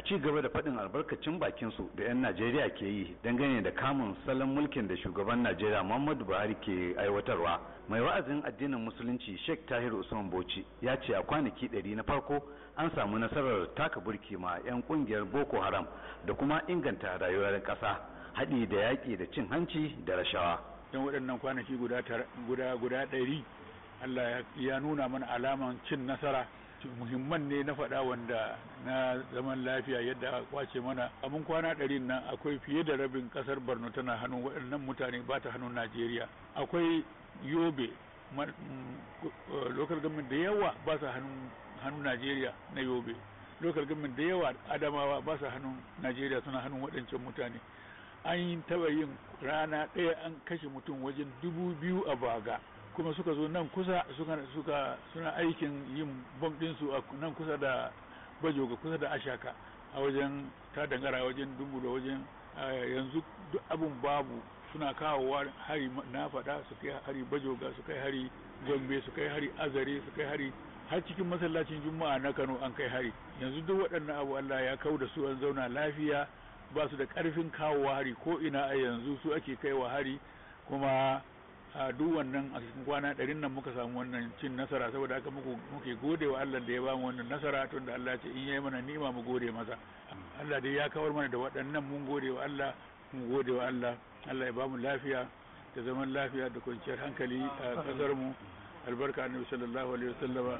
a ci gaba da faɗin albarkacin bakinsu da 'yan najeriya ke yi dangane da kamun salon mulkin da shugaban najeriya muhammadu buhari ke aiwatarwa mai wa'azin addinin musulunci sheikh tahir usman bauchi ya ce a kwanaki ɗari na farko an samu nasarar taka burki ma 'yan ƙungiyar boko haram da kuma inganta rayuwar ƙasa haɗi da yaƙi da cin hanci da rashawa Idan waɗannan kwanaki guda guda ɗari allah ya nuna mana alaman cin nasara muhimman ne na faɗa wanda na zaman lafiya yadda aka kwace mana abin kwana ɗari nan akwai fiye da rabin ƙasar borno tana hannun waɗannan mutane ba ta hannun najeriya akwai yobe mm, local government da yawa ba sa hannun najeriya na yobe local government da yawa adamawa ba sa hannun najeriya suna hannun waɗancan mutane an yi taɓa yin rana ɗaya an kashe mutum wajen dubu biyu a baga kuma suka zo nan kusa suka suna aikin yin bom ɗinsu a nan kusa da bajoga kusa da ashaka a wajen ta dangara wajen dubu da wajen yanzu duk abin babu suna kawowa hari na faɗa su kai hari bajoga su kai hari gombe su kai hari azare su kai hari har cikin masallacin juma'a na kano an kai hari yanzu duk waɗannan abu allah ya kau da su an zauna lafiya ba su da ƙarfin kawowa hari ko ina a yanzu su ake kaiwa hari kuma a duk wannan a cikin kwana ɗarin nan muka samu wannan cin nasara saboda haka muke gode wa Allah da ya ba mu wannan nasara tun da Allah ce in yayi mana ni'ima mu gode masa Allah dai ya kawar mana da waɗannan mun gode wa Allah mun gode wa Allah Allah ya ba mu lafiya da zaman lafiya da kwanciyar hankali a kasar mu albarka annabi sallallahu alaihi wasallam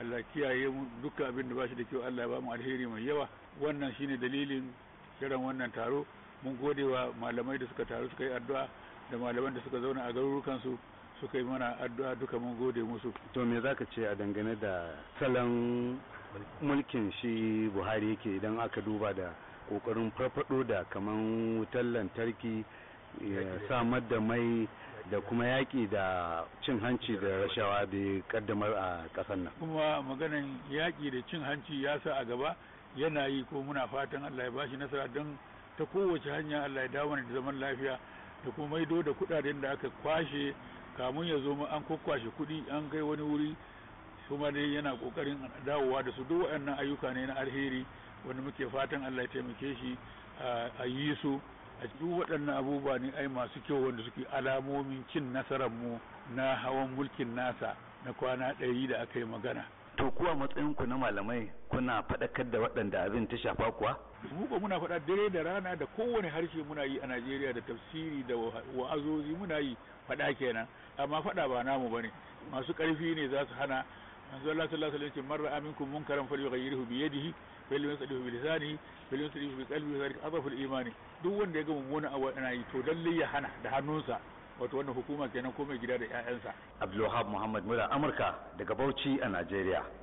Allah kiyaye mu dukkan abin da bashi da kyau Allah ya mu alheri mai yawa wannan shine dalilin kiran wannan taro mun gode wa malamai da suka taru suka yi addu'a da malaman da suka zauna a garurukansu suka yi mana addu'a duka mun gode musu to me zaka ce a dangane da salon mulkin shi buhari yake idan aka duba da kokarin farfado da kaman wutar lantarki samar da mai da kuma yaƙi da cin hanci da rashawa da kaddamar a ƙasar nan kuma maganan yaƙi da cin hanci ya sa a gaba yana yi ko muna fatan allah ya bashi nasara don ta kowace hanya allah ya dawo da zaman lafiya da kuma maido da kudaden da aka kwashe kamun ya zo an kwakwashe kudi an kai wani wuri kuma dai yana kokarin dawowa da su duk waɗannan ayyuka ne na alheri wanda muke fatan Allah ya taimake shi a yi su a duk waɗannan abubuwa ne ai masu kyau wanda suke alamomin cin nasarar mu na hawan mulkin nasa na kwana ɗari da aka yi magana to kuwa matsayin ku na malamai kuna faɗakar da waɗanda abin ta shafa kuwa mu ba muna faɗa dare da rana da kowane harshe muna yi a Najeriya da tafsiri da wa'azozi muna yi faɗa kenan amma faɗa ba namu ne masu ƙarfi ne za su hana manzo Allah sallallahu alaihi wasallam marra aminkum munkaran falyughayyirhu bi yadihi fal bi lisanihi fal yusrihu bi qalbihi zalika adhafu al-iman duk wanda ya ga mummuna abu ana yi to lalle ya hana da hannunsa wato wannan hukuma kenan ko mai gida da 'ya'yansa abdulwahab muhammad mura amurka daga bauchi a najeriya